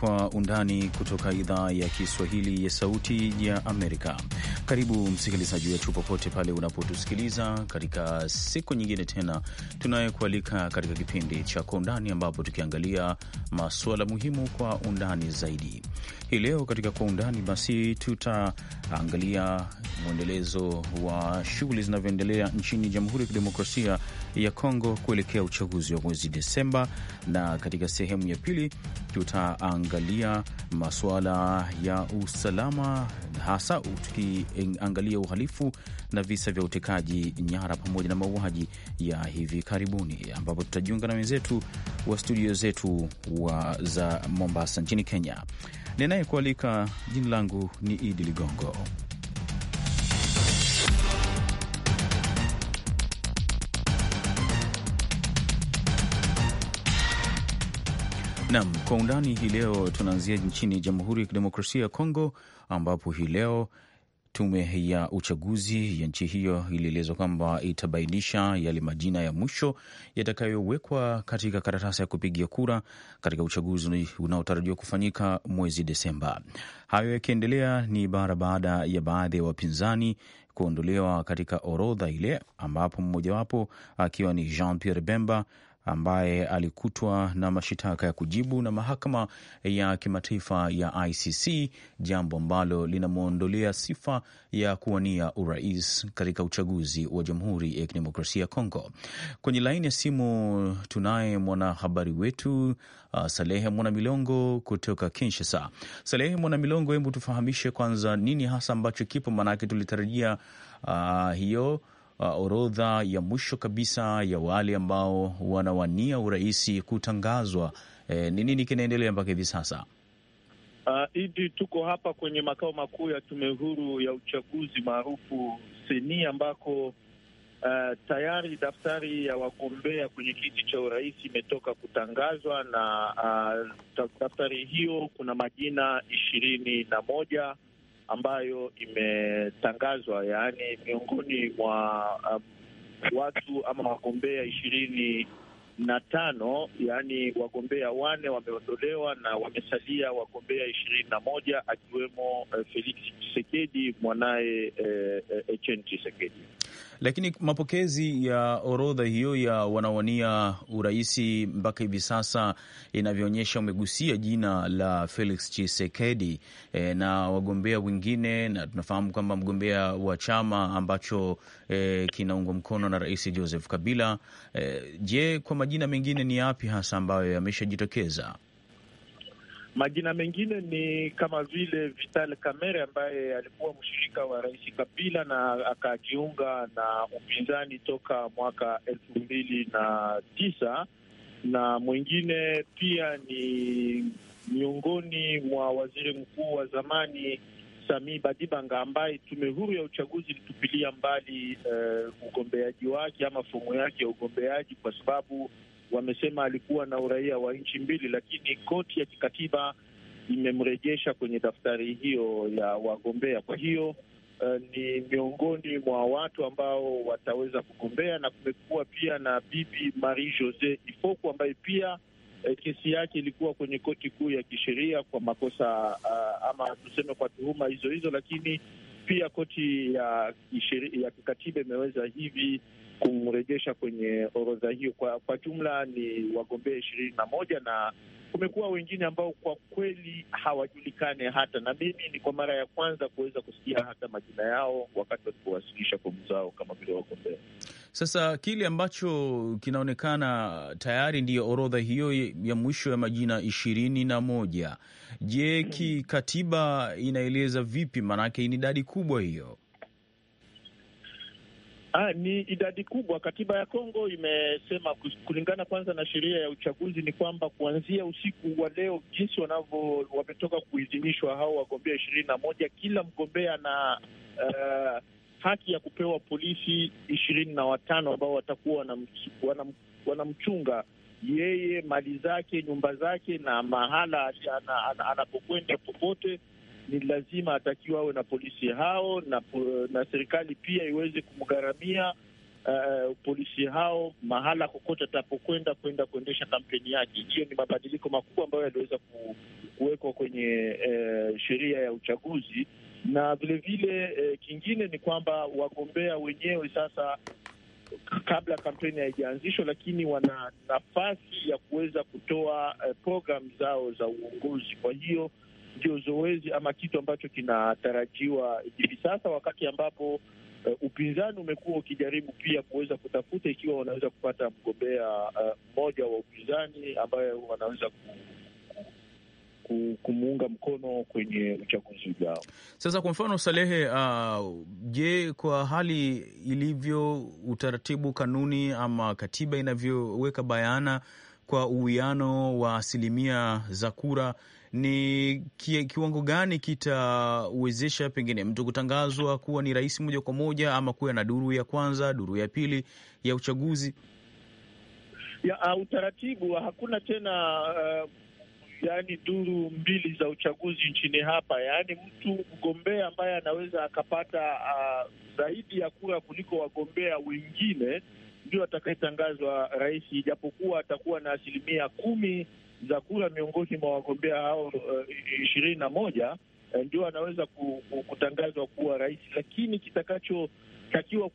Kwa Undani kutoka idhaa ya Kiswahili ya Sauti ya Amerika. Karibu msikilizaji wetu popote pale unapotusikiliza katika siku nyingine tena, tunayekualika katika kipindi cha Kwa Undani, ambapo tukiangalia masuala muhimu kwa undani zaidi. Hii leo katika Kwa Undani basi tutaangalia mwendelezo wa shughuli zinavyoendelea nchini Jamhuri ya Kidemokrasia ya Kongo kuelekea uchaguzi wa mwezi Desemba, na katika sehemu ya pili tutaangalia masuala ya usalama, hasa tukiangalia uhalifu na visa vya utekaji nyara pamoja na mauaji ya hivi karibuni, ambapo tutajiunga na wenzetu wa studio zetu wa za Mombasa nchini Kenya. Ninayekualika, jina langu ni Idi Ligongo. Nam kwa undani hii leo, tunaanzia nchini Jamhuri ya Kidemokrasia ya Kongo ambapo hii leo tume ya uchaguzi ya nchi hiyo ilielezwa kwamba itabainisha yale majina ya mwisho yatakayowekwa katika karatasi ya kupigia kura katika uchaguzi unaotarajiwa kufanyika mwezi Desemba. Hayo yakiendelea ni bara baada ya baadhi ya wapinzani kuondolewa katika orodha ile, ambapo mmojawapo akiwa ni Jean Pierre Bemba ambaye alikutwa na mashitaka ya kujibu na mahakama ya kimataifa ya ICC, jambo ambalo linamwondolea sifa ya kuwania urais katika uchaguzi wa Jamhuri ya Kidemokrasia ya Kongo. Kwenye laini ya simu tunaye mwanahabari wetu uh, Salehe Mwanamilongo kutoka Kinshasa. Salehe Mwanamilongo, hebu tufahamishe kwanza nini hasa ambacho kipo, maanake tulitarajia uh, hiyo uh, orodha ya mwisho kabisa ya wale ambao wanawania uraisi kutangazwa. E, ni nini kinaendelea mpaka hivi sasa? Uh, idi tuko hapa kwenye makao makuu ya tume huru ya uchaguzi maarufu Seni, ambako uh, tayari daftari ya wagombea kwenye kiti cha urais imetoka kutangazwa na uh, daftari hiyo kuna majina ishirini na moja ambayo imetangazwa, yaani miongoni mwa uh, watu ama wagombea ishirini na tano yaani wagombea wane wameondolewa na wamesalia wagombea ishirini na moja akiwemo uh, Felix Chisekedi mwanaye eh, eh, Etienne uh, uh, Chisekedi. Lakini mapokezi ya orodha hiyo ya wanawania uraisi mpaka hivi sasa inavyoonyesha umegusia jina la Felix chisekedi e, eh, na wagombea wengine, na tunafahamu kwamba mgombea wa chama ambacho e, kinaungwa mkono na Rais Joseph Kabila. E, je, kwa majina mengine ni yapi hasa ambayo yameshajitokeza? Majina mengine ni kama vile Vital Kamerhe ambaye alikuwa mshirika wa Rais Kabila na akajiunga na upinzani toka mwaka elfu mbili na tisa na mwingine pia ni miongoni mwa waziri mkuu wa zamani Sami Badibanga ambaye tume huru ya uchaguzi ilitupilia mbali uh, ugombeaji wake ama fomu yake ya ugombeaji kwa sababu wamesema alikuwa na uraia wa nchi mbili, lakini koti ya kikatiba imemrejesha kwenye daftari hiyo ya wagombea. Kwa hiyo uh, ni miongoni mwa watu ambao wataweza kugombea, na kumekuwa pia na bibi Marie Jose Ifoku ambaye pia eh, kesi yake ilikuwa kwenye koti kuu ya kisheria kwa makosa uh, ama tuseme kwa tuhuma hizo hizo, lakini pia koti ya ya kikatiba imeweza hivi kumrejesha kwenye orodha hiyo. Kwa, kwa jumla ni wagombea ishirini na moja na kumekuwa wengine ambao kwa kweli hawajulikane hata, na mimi ni kwa mara ya kwanza kuweza kusikia hata majina yao wakati walipowasilisha fomu zao kama vile wagombea. Sasa kile ambacho kinaonekana tayari ndiyo orodha hiyo ya mwisho ya majina ishirini na moja. Je, mm-hmm. kikatiba inaeleza vipi? Maanake ni idadi kubwa hiyo. Ah, ni idadi kubwa. Katiba ya Kongo imesema kulingana kwanza na sheria ya uchaguzi ni kwamba kuanzia usiku wa leo, jinsi wanavyo wametoka kuidhinishwa hao wagombea ishirini na moja, kila mgombea na uh, eh, haki ya kupewa polisi ishirini na watano ambao watakuwa wanamchunga yeye, mali zake, nyumba zake na mahala anapokwenda popote ni lazima atakiwa awe na polisi hao na, na serikali pia iweze kumgharamia uh, polisi hao mahala kokote atapokwenda kwenda kuendesha kampeni yake. Hiyo ni mabadiliko makubwa ambayo yaliweza kuwekwa kwenye uh, sheria ya uchaguzi, na vilevile vile, uh, kingine ni kwamba wagombea wenyewe sasa kabla kampeni haijaanzishwa, lakini wana nafasi ya kuweza kutoa uh, programu zao za uongozi. Kwa hiyo ndio zoezi ama kitu ambacho kinatarajiwa hivi sasa, wakati ambapo uh, upinzani umekuwa ukijaribu pia kuweza kutafuta ikiwa wanaweza kupata mgombea eh, mmoja uh, wa upinzani ambaye wanaweza ku kumuunga mkono kwenye uchaguzi ujao. Sasa kwa mfano Salehe, uh, je, kwa hali ilivyo, utaratibu, kanuni ama katiba inavyoweka bayana kwa uwiano wa asilimia za kura, ni kiwango gani kitawezesha pengine mtu kutangazwa kuwa ni rais moja kwa moja ama kuwa na duru ya kwanza, duru ya pili ya uchaguzi? Ya, uh, utaratibu hakuna tena uh, yaani duru mbili za uchaguzi nchini hapa, yaani mtu mgombea ambaye anaweza akapata uh, zaidi ya kura kuliko wagombea wengine ndio atakayetangazwa rais, ijapokuwa atakuwa na asilimia kumi za kura miongoni mwa wagombea hao eh, ishirini uh, na moja eh, ndio anaweza kutangazwa kuwa rais, lakini kitakachotakiwa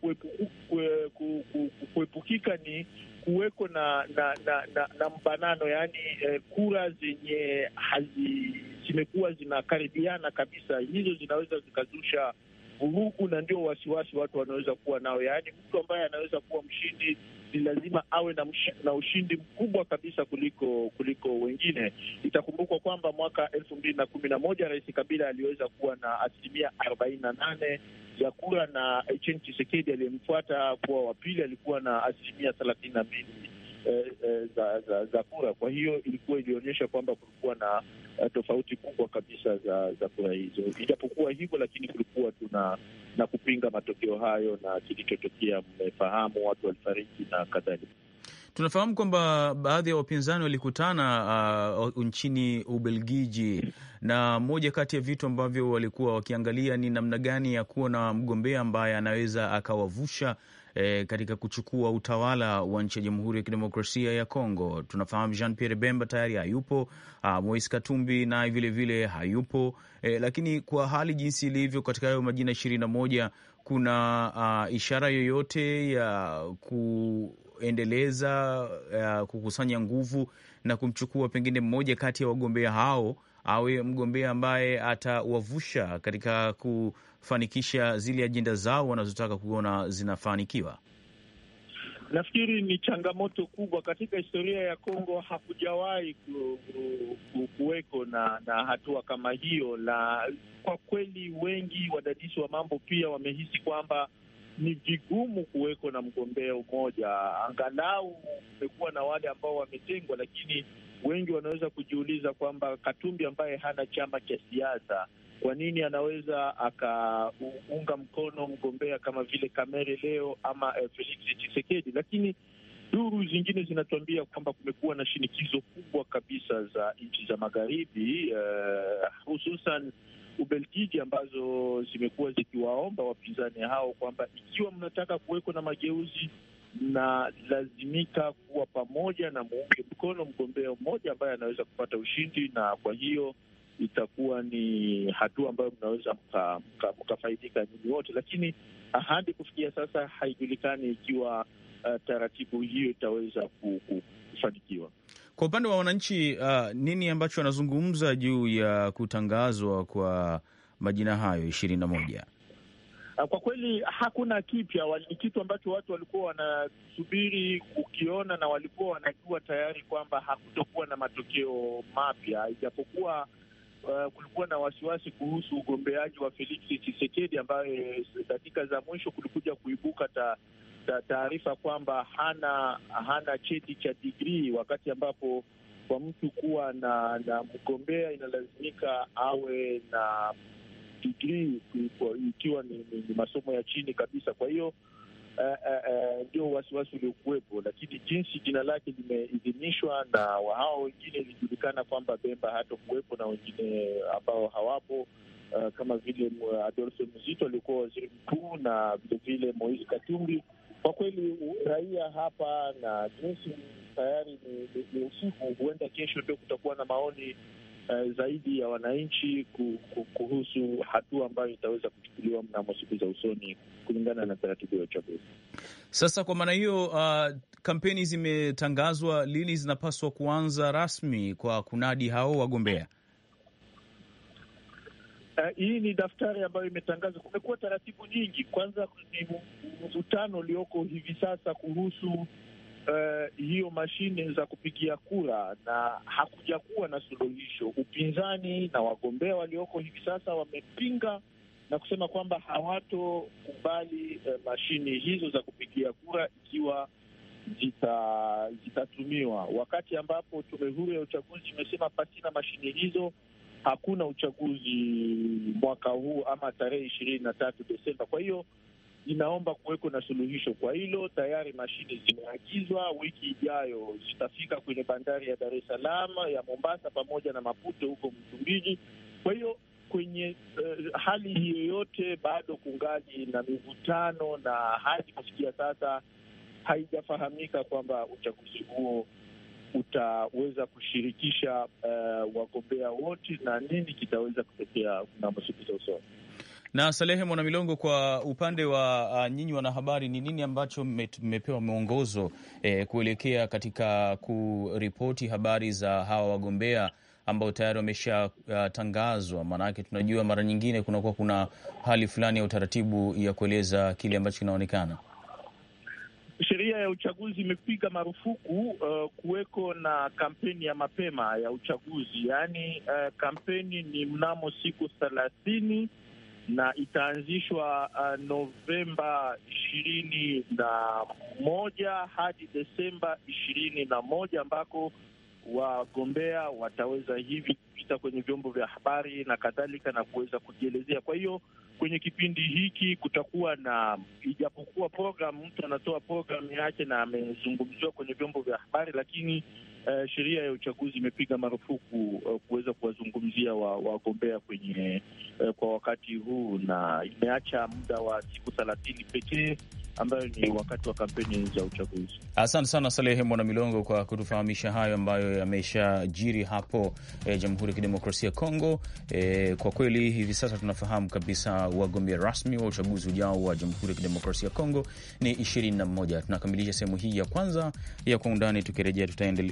kuepukika ni kuweko na na, na na na mbanano yaani, eh, kura zenye hazi zimekuwa zinakaribiana kabisa, hizo zinaweza zikazusha vurugu, na ndio wasiwasi watu wanaweza kuwa nao, yaani mtu ambaye anaweza kuwa mshindi ni lazima awe na, mshi, na ushindi mkubwa kabisa kuliko kuliko wengine. Itakumbukwa kwamba mwaka elfu mbili na kumi na moja Rais Kabila aliweza kuwa na asilimia arobaini na nane ya kura na Etienne Tshisekedi aliyemfuata kuwa wa pili alikuwa na asilimia thelathini na mbili eh, eh, za, za, za kura. Kwa hiyo ilikuwa ilionyesha kwamba kulikuwa na eh, tofauti kubwa kabisa za za kura hizo. Ijapokuwa hivyo, lakini kulikuwa tuna na kupinga matokeo hayo na kilichotokea, mmefahamu, watu walifariki na kadhalika. Tunafahamu kwamba baadhi ya wapinzani walikutana uh, nchini Ubelgiji, na moja kati ya vitu ambavyo walikuwa wakiangalia ni namna gani ya kuwa na mgombea ambaye anaweza akawavusha e, katika kuchukua utawala wa nchi ya Jamhuri ya Kidemokrasia ya Kongo. Tunafahamu Jean Pierre Bemba tayari hayupo, Mois Katumbi naye vilevile hayupo, e, lakini kwa hali jinsi ilivyo katika hayo majina ishirini na moja kuna a, ishara yoyote ya kuendeleza ya kukusanya nguvu na kumchukua pengine mmoja kati ya wagombea hao awe mgombea ambaye atawavusha katika ku kufanikisha zile ajenda zao wanazotaka kuona zinafanikiwa? Nafikiri ni changamoto kubwa katika historia ya Kongo. Hakujawahi kuweko na, na hatua kama hiyo, na kwa kweli wengi wadadisi wa mambo pia wamehisi kwamba ni vigumu kuweko na mgombea umoja. Angalau umekuwa na wale ambao wametengwa, lakini wengi wanaweza kujiuliza kwamba Katumbi ambaye hana chama cha siasa kwa nini anaweza akaunga mkono mgombea kama vile Kamere leo ama eh, Felix Lakini duru zingine zinatuambia kwamba kumekuwa na shinikizo kubwa kabisa za nchi za magharibi eh, hususan Ubelgiji ambazo zimekuwa zikiwaomba wapinzani hao kwamba ikiwa mnataka kuwekwa na mageuzi na lazimika kuwa pamoja na muunge mkono mgombea mmoja ambaye anaweza kupata ushindi, na kwa hiyo itakuwa ni hatua ambayo mnaweza mkafaidika nyinyi wote, lakini ah, hadi kufikia sasa haijulikani ikiwa uh, taratibu hiyo itaweza kufanikiwa. Kwa upande wa wananchi, uh, nini ambacho wanazungumza juu ya kutangazwa kwa majina hayo ishirini na moja? Kwa kweli hakuna kipya, ni kitu ambacho watu walikuwa wanasubiri kukiona na walikuwa wanajua tayari kwamba hakutokuwa na matokeo mapya, ijapokuwa uh, kulikuwa na wasiwasi kuhusu ugombeaji wa Felix chisekedi ambaye eh, dakika za mwisho kulikuja kuibuka ta taarifa kwamba hana hana cheti cha digrii, wakati ambapo kwa mtu kuwa na na mgombea inalazimika awe na digrii ikiwa ni, ni, ni masomo ya chini kabisa. Kwa hiyo Eh, eh, eh, ndio uh, uh, uh, wasiwasi uliokuwepo, lakini jinsi jina lake limeidhinishwa na hao wengine, ilijulikana kwamba Bemba hatokuwepo na wengine ambao hawapo uh, kama vile adolfe Muzito aliokuwa waziri mkuu na vilevile Moise Katumbi. Kwa kweli raia hapa na jinsi tayari ni usiku, huenda kesho ndio kutakuwa na maoni uh, zaidi ya wananchi kuhusu hatua ambayo itaweza kuchukuliwa mnamo siku za usoni kulingana na taratibu ya uchaguzi. Sasa kwa maana hiyo, uh, kampeni zimetangazwa lini, zinapaswa kuanza rasmi kwa kunadi hao wagombea? Uh, hii ni daftari ambayo imetangazwa. Kumekuwa taratibu nyingi. Kwanza ni mvutano ulioko hivi sasa kuhusu uh, hiyo mashine za kupigia kura, na hakujakuwa na suluhisho. Upinzani na wagombea walioko hivi sasa wamepinga na kusema kwamba hawatokubali uh, mashine hizo za kupigia kura ikiwa zitatumiwa, wakati ambapo tume huru ya uchaguzi imesema pasina mashine hizo hakuna uchaguzi mwaka huu ama tarehe ishirini na tatu Desemba. Kwa hiyo inaomba kuweko na suluhisho kwa hilo. Tayari mashine zimeagizwa, wiki ijayo zitafika kwenye bandari ya Dar es Salaam, ya Mombasa pamoja na Maputo huko Msumbiji. Kwa hiyo kwenye uh, hali hiyo yote bado kungali na mivutano, na hadi kufikia sasa haijafahamika kwamba uchaguzi huo utaweza kushirikisha uh, wagombea wote na nini kitaweza kutokea mnamo siku za usoni. Na Salehe Mwanamilongo, kwa upande wa uh, nyinyi wanahabari, ni nini ambacho mmepewa mwongozo eh, kuelekea katika kuripoti habari za hawa wagombea ambao tayari wameshatangazwa? Uh, maanake tunajua mara nyingine kunakuwa kuna hali fulani ya utaratibu ya kueleza kile ambacho kinaonekana. Sheria ya uchaguzi imepiga marufuku uh, kuweko na kampeni ya mapema ya uchaguzi, yaani uh, kampeni ni mnamo siku thelathini na itaanzishwa uh, Novemba ishirini na moja hadi Desemba ishirini na moja ambako wagombea wataweza hivi kupita kwenye vyombo vya habari na kadhalika na kuweza kujielezea. Kwa hiyo kwenye kipindi hiki kutakuwa na, ijapokuwa programu, mtu anatoa programu yake na amezungumziwa kwenye vyombo vya habari, lakini uh, sheria ya uchaguzi imepiga marufuku uh, kuweza kuwazungumzia wagombea wa kwenye uh, kwa wakati huu, na imeacha muda wa siku thelathini pekee ambayo ni wakati wa kampeni za uchaguzi. Asante sana Salehe Mwana Milongo kwa kutufahamisha hayo ambayo yameshajiri hapo eh, Jamhuri ya Kidemokrasia ya Kongo. Eh, kwa kweli hivi sasa tunafahamu kabisa wagombea rasmi wa uchaguzi ujao wa Jamhuri ya Kidemokrasia ya Kongo ni ishirini na moja. Tunakamilisha sehemu hii ya kwanza ya Kwa Undani. Tukirejea tutaendelea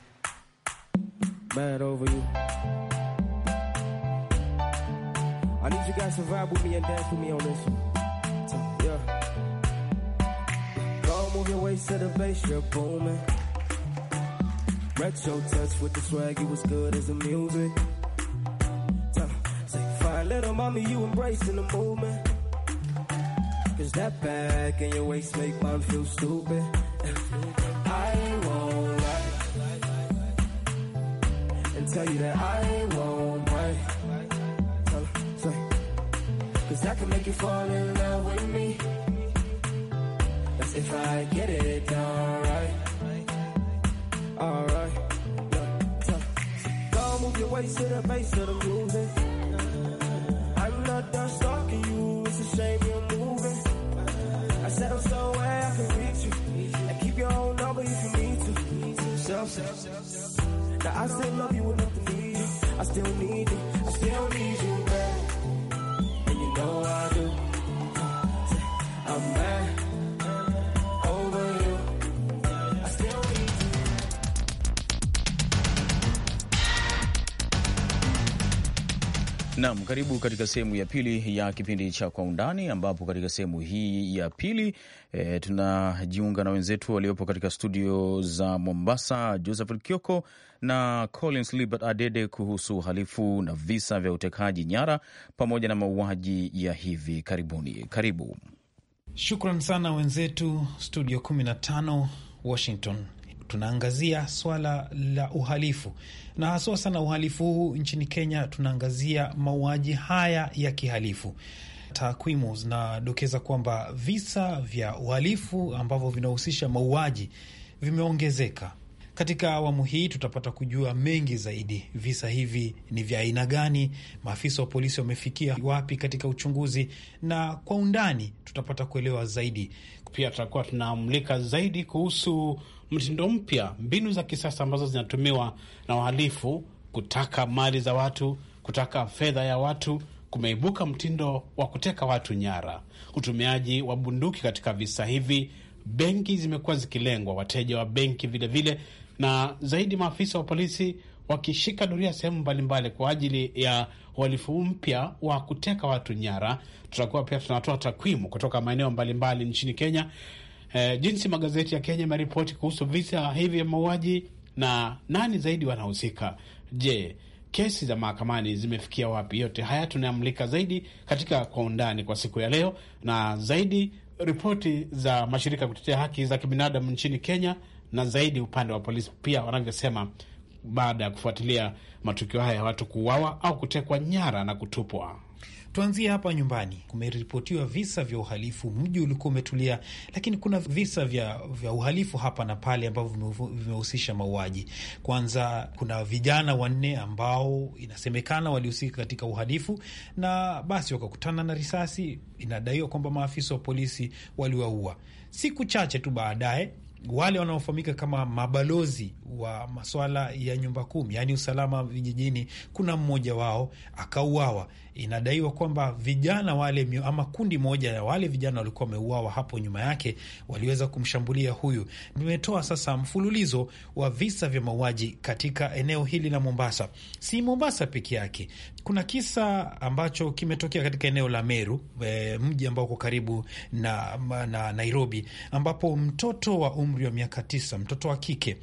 bad over you. I need you guys to vibe with me and dance with me on this one. So, yeah. Go move your waist to the bass, you're booming. Retro touch with the swag, you was good as the music. So, say, fine little mommy, you embracing the movement. Cause that bag and your waist make mine feel stupid. tell you that I won't play. Tell say. Cause I can make you fall in love with me. That's if I get it done right. Alright. Go move your waist to the base of the movement. I'm not done stalking you. It's a shame you're moving. I said I'm so where I can reach you. I keep your own number if you need to. Self, self, self, self. That I say love you enough to need you. I still need you. I still need you, girl. Naam, karibu katika sehemu ya pili ya kipindi cha Kwa Undani, ambapo katika sehemu hii ya pili e, tunajiunga na wenzetu waliopo katika studio za Mombasa, Joseph Kioko na Collins Libert Adede kuhusu uhalifu na visa vya utekaji nyara pamoja na mauaji ya hivi karibuni. Karibu. Shukran sana wenzetu studio 15 Washington tunaangazia swala la uhalifu na haswa sana uhalifu huu nchini Kenya. Tunaangazia mauaji haya ya kihalifu. Takwimu zinadokeza kwamba visa vya uhalifu ambavyo vinahusisha mauaji vimeongezeka. Katika awamu hii tutapata kujua mengi zaidi. Visa hivi ni vya aina gani? Maafisa wa polisi wamefikia wapi katika uchunguzi? Na kwa undani tutapata kuelewa zaidi. Pia tutakuwa tunamulika zaidi kuhusu mtindo mpya, mbinu za kisasa ambazo zinatumiwa na wahalifu kutaka mali za watu, kutaka fedha ya watu. Kumeibuka mtindo wa kuteka watu nyara, utumiaji wa bunduki katika visa hivi. Benki zimekuwa zikilengwa, wateja wa benki vilevile, na zaidi maafisa wa polisi wakishika doria sehemu mbalimbali kwa ajili ya uhalifu mpya wa kuteka watu nyara. Tutakuwa pia tunatoa takwimu kutoka maeneo mbalimbali nchini Kenya eh, jinsi magazeti ya Kenya yameripoti kuhusu visa hivi vya mauaji na nani zaidi wanahusika. Je, kesi za mahakamani zimefikia wapi? Yote haya tunayamulika zaidi katika kwa undani kwa siku ya leo, na zaidi ripoti za mashirika ya kutetea haki za kibinadamu nchini Kenya, na zaidi upande wa polisi pia wanavyosema baada ya kufuatilia matukio haya ya watu kuuawa au kutekwa nyara na kutupwa. Tuanzie hapa nyumbani. Kumeripotiwa visa vya uhalifu, mji ulikuwa umetulia, lakini kuna visa vya, vya uhalifu hapa na pale ambavyo vimehusisha mauaji. Kwanza kuna vijana wanne ambao inasemekana walihusika katika uhalifu na basi wakakutana na risasi. Inadaiwa kwamba maafisa wa polisi waliwaua. Siku chache tu baadaye wale wanaofahamika kama mabalozi wa maswala ya nyumba kumi, yaani usalama vijijini, kuna mmoja wao akauawa. Inadaiwa kwamba vijana wale ama kundi moja ya wale vijana walikuwa wameuawa hapo nyuma yake waliweza kumshambulia huyu. Nimetoa sasa mfululizo wa visa vya mauaji katika eneo hili la Mombasa. Si Mombasa peke yake, kuna kisa ambacho kimetokea katika eneo la Meru, e, mji ambao uko karibu na, na Nairobi, ambapo mtoto wa umri wa miaka tisa, mtoto wa kike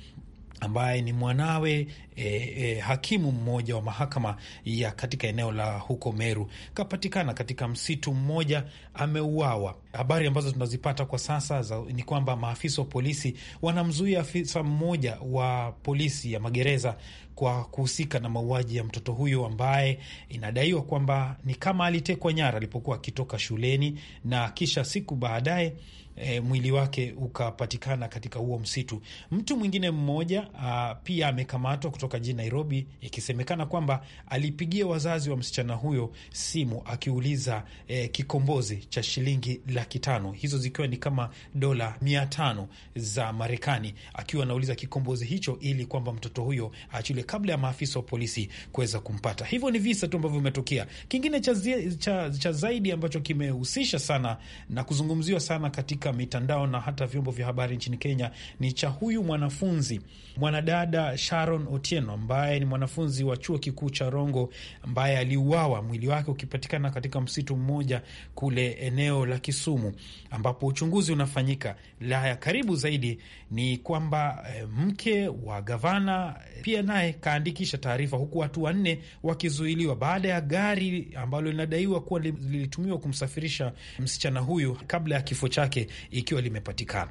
ambaye ni mwanawe eh, eh, hakimu mmoja wa mahakama ya katika eneo la huko Meru kapatikana katika msitu mmoja, ameuawa. Habari ambazo tunazipata kwa sasa za, ni kwamba maafisa wa polisi wanamzuia afisa mmoja wa polisi ya magereza kwa kuhusika na mauaji ya mtoto huyo ambaye inadaiwa kwamba ni kama alitekwa nyara alipokuwa akitoka shuleni na kisha siku baadaye E, mwili wake ukapatikana katika huo msitu. Mtu mwingine mmoja a, pia amekamatwa kutoka jijini Nairobi, ikisemekana kwamba alipigia wazazi wa msichana huyo simu akiuliza eh, kikombozi cha shilingi laki tano, hizo zikiwa ni kama dola mia tano za Marekani, akiwa anauliza kikombozi hicho ili kwamba mtoto huyo aachiliwe kabla ya maafisa wa polisi kuweza kumpata. Hivyo ni visa tu ambavyo vimetokea. Kingine cha, zi, cha, cha zaidi ambacho kimehusisha sana na kuzungumziwa sana katika mitandao na hata vyombo vya habari nchini Kenya ni cha huyu mwanafunzi mwanadada Sharon Otieno Otieno ambaye ni mwanafunzi wa chuo kikuu cha Rongo ambaye aliuawa, mwili wake ukipatikana katika msitu mmoja kule eneo la Kisumu, ambapo uchunguzi unafanyika. La karibu zaidi ni kwamba eh, mke wa gavana eh, pia naye kaandikisha taarifa, huku watu wanne wakizuiliwa baada ya gari ambalo linadaiwa kuwa lilitumiwa kumsafirisha msichana huyu kabla ya kifo chake ikiwa limepatikana.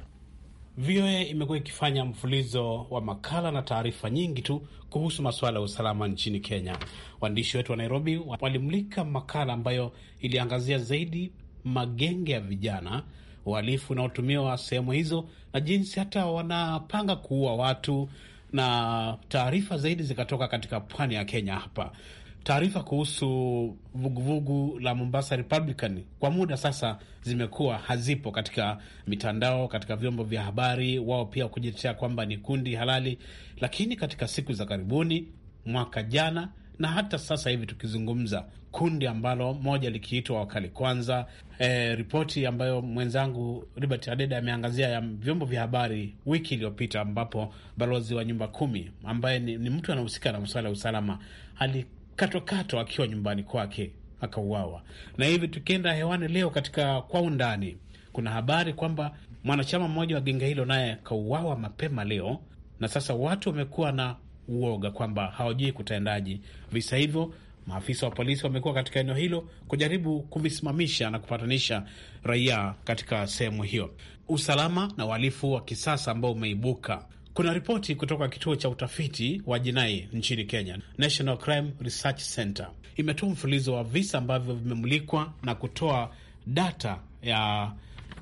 VOA imekuwa ikifanya mfulizo wa makala na taarifa nyingi tu kuhusu masuala ya usalama nchini Kenya. Waandishi wetu wa Nairobi walimulika makala ambayo iliangazia zaidi magenge ya vijana, uhalifu unaotumiwa sehemu hizo na jinsi hata wanapanga kuua watu, na taarifa zaidi zikatoka katika pwani ya Kenya hapa. Taarifa kuhusu vuguvugu la Mombasa Republican kwa muda sasa zimekuwa hazipo katika mitandao, katika vyombo vya habari, wao pia kujitetea kwamba ni kundi halali. Lakini katika siku za karibuni, mwaka jana na hata sasa hivi tukizungumza, kundi ambalo moja likiitwa Wakali Kwanza, e, ripoti ambayo mwenzangu Libert Adeda ameangazia ya vyombo vya habari wiki iliyopita, ambapo balozi wa nyumba kumi ambaye ni, ni mtu anahusika na masuala ya usalama ali katokato akiwa nyumbani kwake akauawa. Na hivi tukienda hewani leo katika kwa undani, kuna habari kwamba mwanachama mmoja wa genge hilo naye akauawa mapema leo, na sasa watu wamekuwa na uoga kwamba hawajui kutaendaji visa hivyo. Maafisa wa polisi wamekuwa katika eneo hilo kujaribu kuvisimamisha na kupatanisha raia katika sehemu hiyo. Usalama na uhalifu wa kisasa ambao umeibuka kuna ripoti kutoka kituo cha utafiti wa jinai nchini Kenya, National Crime Research Center, imetoa mfululizo wa visa ambavyo vimemulikwa na kutoa data ya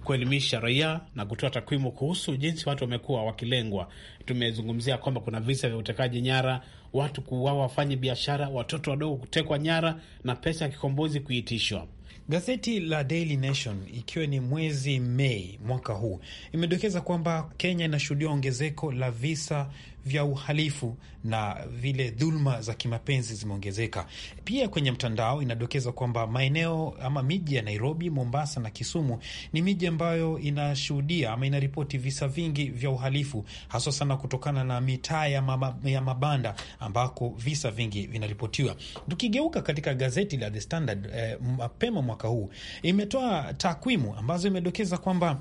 kuelimisha raia na kutoa takwimu kuhusu jinsi watu wamekuwa wakilengwa. Tumezungumzia kwamba kuna visa vya utekaji nyara, watu kuuawa wafanye biashara, watoto wadogo kutekwa nyara na pesa ya kikombozi kuitishwa. Gazeti la Daily Nation ikiwa ni mwezi Mei mwaka huu imedokeza kwamba Kenya inashuhudia ongezeko la visa vya uhalifu na vile dhuluma za kimapenzi zimeongezeka. Pia kwenye mtandao inadokeza kwamba maeneo ama miji ya Nairobi, Mombasa na Kisumu ni miji ambayo inashuhudia ama inaripoti visa vingi vya uhalifu, haswa sana kutokana na mitaa ya, mama, ya mabanda ambako visa vingi vinaripotiwa. Tukigeuka katika gazeti la The Standard eh, mapema mwaka huu imetoa takwimu ambazo imedokeza kwamba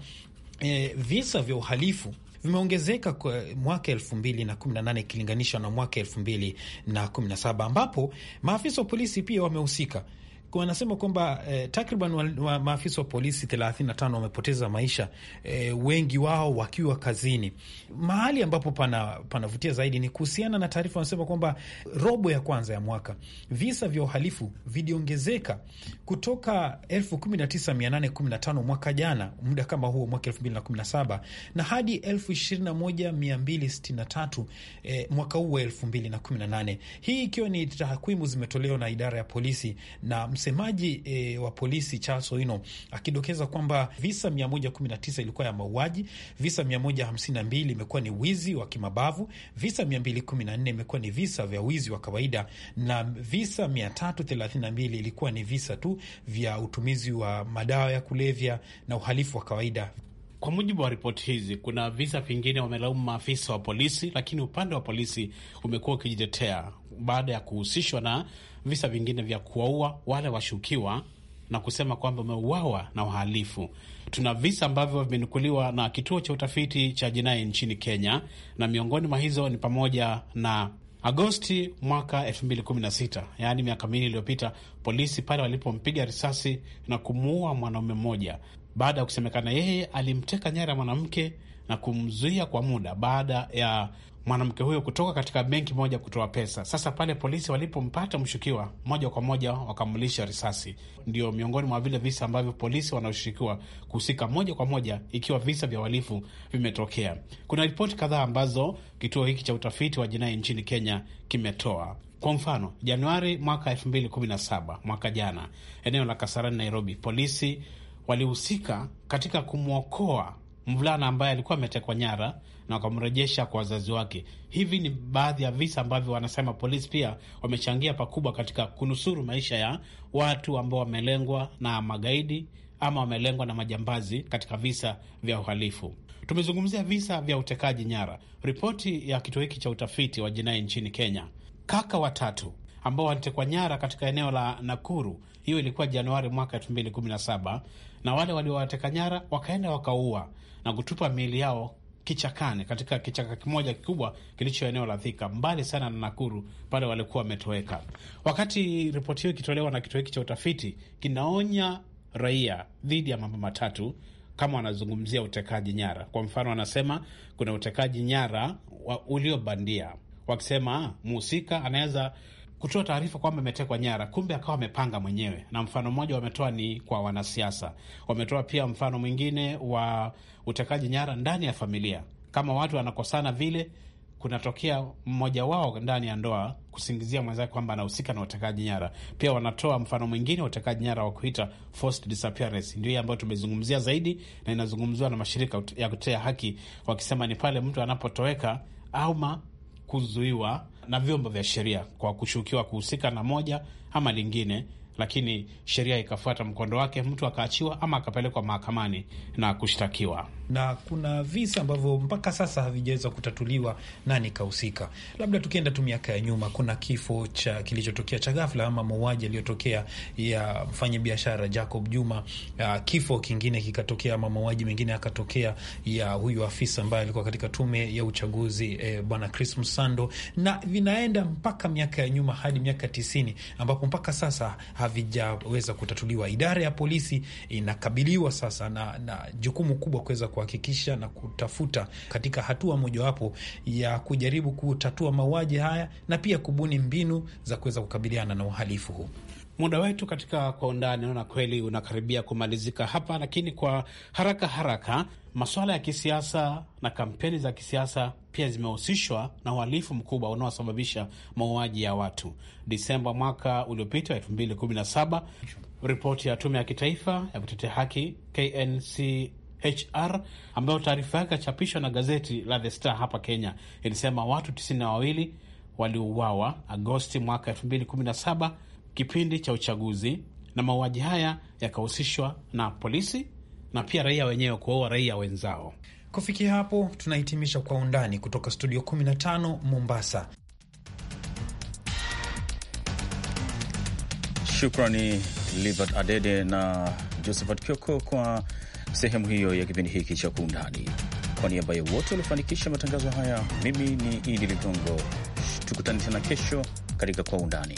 E, visa vya uhalifu vimeongezeka mwaka elfu mbili na kumi na nane ikilinganishwa na mwaka elfu mbili na kumi na saba ambapo maafisa wa polisi pia wamehusika wanasema kwamba eh, takriban wa, wa, maafisa wa polisi 35 wamepoteza maisha eh, wengi wao wakiwa kazini. Mahali ambapo pana panavutia zaidi ni kuhusiana na taarifa, wanasema kwamba robo ya kwanza ya mwaka visa vya uhalifu viliongezeka kutoka 19815 mwaka jana muda kama huo mwaka 2017 na hadi 21263 eh, mwaka huu wa 2018, hii ikiwa ni takwimu zimetolewa na idara ya polisi na msemaji e, wa polisi Charles Oino akidokeza kwamba visa 119 ilikuwa ya mauaji, visa 152 imekuwa ni wizi wa kimabavu, visa 214 imekuwa ni visa vya wizi wa kawaida na visa 332 ilikuwa ni visa tu vya utumizi wa madawa ya kulevya na uhalifu wa kawaida. Kwa mujibu wa ripoti hizi, kuna visa vingine wamelaumu maafisa wa polisi, lakini upande wa polisi umekuwa ukijitetea baada ya kuhusishwa na visa vingine vya kuwaua wale washukiwa na kusema kwamba umeuawa na wahalifu. Tuna visa ambavyo vimenukuliwa na kituo cha utafiti cha jinai nchini Kenya, na miongoni mwa hizo ni pamoja na Agosti mwaka 2016, yaani miaka miwili iliyopita, polisi pale walipompiga risasi na kumuua mwanaume mmoja baada ya kusemekana yeye alimteka nyara mwanamke na kumzuia kwa muda baada ya mwanamke huyo kutoka katika benki moja kutoa pesa. Sasa pale polisi walipompata mshukiwa, moja kwa moja wakamlisha risasi. Ndio miongoni mwa vile visa ambavyo polisi wanaoshukiwa kuhusika moja kwa moja, ikiwa visa vya uhalifu vimetokea. Kuna ripoti kadhaa ambazo kituo hiki cha utafiti wa jinai nchini Kenya kimetoa. Kwa mfano, Januari mwaka 2017 mwaka jana, eneo la Kasarani, Nairobi, polisi walihusika katika kumwokoa mvulana ambaye alikuwa ametekwa nyara na wakamrejesha kwa wazazi wake. Hivi ni baadhi ya visa ambavyo wanasema polisi pia wamechangia pakubwa katika kunusuru maisha ya watu ambao wamelengwa na magaidi ama wamelengwa na majambazi katika visa vya uhalifu. Tumezungumzia visa vya utekaji nyara. Ripoti ya kituo hiki cha utafiti wa jinai nchini Kenya, kaka watatu ambao walitekwa nyara katika eneo la Nakuru, hiyo ilikuwa Januari mwaka na wale waliowateka nyara wakaenda wakaua na kutupa miili yao kichakani katika kichaka kimoja kikubwa kilicho eneo la Thika, mbali sana na Nakuru pale walikuwa wametoweka. Wakati ripoti hiyo ikitolewa na kituo hiki cha utafiti, kinaonya raia dhidi ya mambo matatu kama wanazungumzia utekaji nyara. Kwa mfano, wanasema kuna utekaji nyara uliobandia, wakisema mhusika anaweza kutoa taarifa kwamba ametekwa nyara, kumbe akawa amepanga mwenyewe. Na mfano mmoja wametoa ni kwa wanasiasa, wametoa pia mfano mwingine wa utekaji nyara ndani ya familia. Kama watu wanakosana vile, kunatokea mmoja wao ndani ya ndoa kusingizia mwenzake kwamba anahusika na utekaji nyara. Pia wanatoa mfano mwingine wa utekaji nyara wa kuita forced disappearance, ndio hii ambayo tumezungumzia zaidi na inazungumziwa na mashirika ya kutetea haki, wakisema ni pale mtu anapotoweka ama kuzuiwa na vyombo vya sheria kwa kushukiwa kuhusika na moja ama lingine, lakini sheria ikafuata mkondo wake, mtu akaachiwa ama akapelekwa mahakamani na kushtakiwa na kuna visa ambavyo mpaka sasa havijaweza kutatuliwa nani kahusika. Labda tukienda tu miaka ya nyuma, kuna kifo cha kilichotokea cha ghafla ama mauaji yaliyotokea ya mfanyabiashara Jacob Juma. Uh, kifo kingine kikatokea ama mauaji mengine yakatokea ya huyu afisa ambaye alikuwa katika tume ya uchaguzi eh, bwana Chris Msando, na vinaenda mpaka miaka ya nyuma hadi miaka tisini ambapo mpaka sasa havijaweza kutatuliwa. Idara ya polisi inakabiliwa sasa na, na jukumu kubwa kuweza kuhakikisha na kutafuta katika hatua mojawapo ya kujaribu kutatua mauaji haya na pia kubuni mbinu za kuweza kukabiliana na uhalifu huu. Muda wetu katika Kwa Undani naona kweli unakaribia kumalizika hapa, lakini kwa haraka haraka, masuala ya kisiasa na kampeni za kisiasa pia zimehusishwa na uhalifu mkubwa unaosababisha mauaji ya watu. Desemba mwaka uliopita 217 ripoti ya Tume ya Kitaifa ya Kutetea Haki KNC HR ambayo taarifa yake achapishwa na gazeti la The Star hapa Kenya ilisema watu tisini na wawili waliuawa Agosti mwaka 2017 kipindi cha uchaguzi, na mauaji haya yakahusishwa na polisi na pia raia wenyewe kuwaua raia wenzao. Kufikia hapo tunahitimisha Kwa Undani kutoka studio 15 Mombasa. Shukrani Libert Adede na Josephat Kioko kwa sehemu hiyo ya kipindi hiki cha Kwa Undani. Kwa niaba ya wote waliofanikisha matangazo haya, mimi ni Idi Ligongo. Tukutane tena kesho katika Kwa Undani.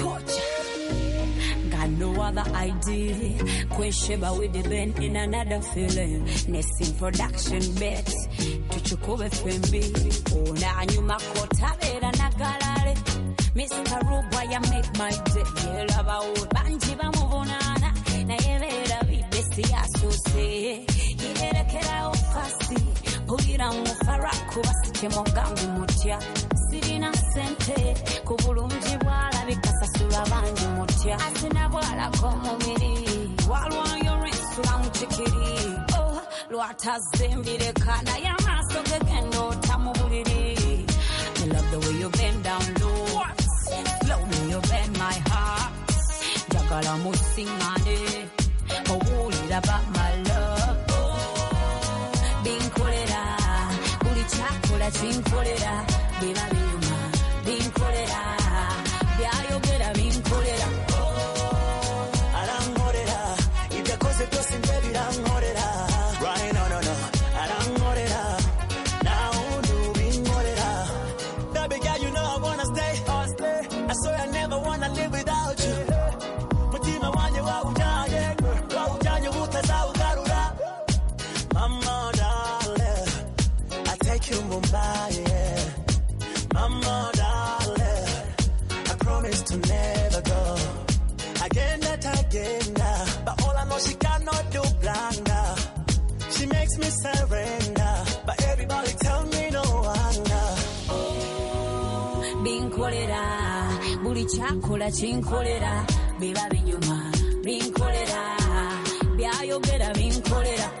and no other idea. Quesheba with the band in another feeling. Nesting production bet. to Oh Tuchukue FMB. Ona anyuma a nagalale. Mr. Ruba ya make my day. Yelaba old banji bamubonana. Na yebera bibesi asose. fast, ofasi. Pulira mufarako basike mugangu mutya sirina ssente ku bulungi bwalabika sasula bangi mutya asina bwalako omubiri walwayo olwensula mu kikiri oh, lwatazimbireka naye amaaso ge mu buliri love the way you bend down low me you bend my heart njagala musiŋŋane owulira ba my love oh, binkolera buli kyakola kinkolera beba nkola colera beba binyuma binkolera mi colera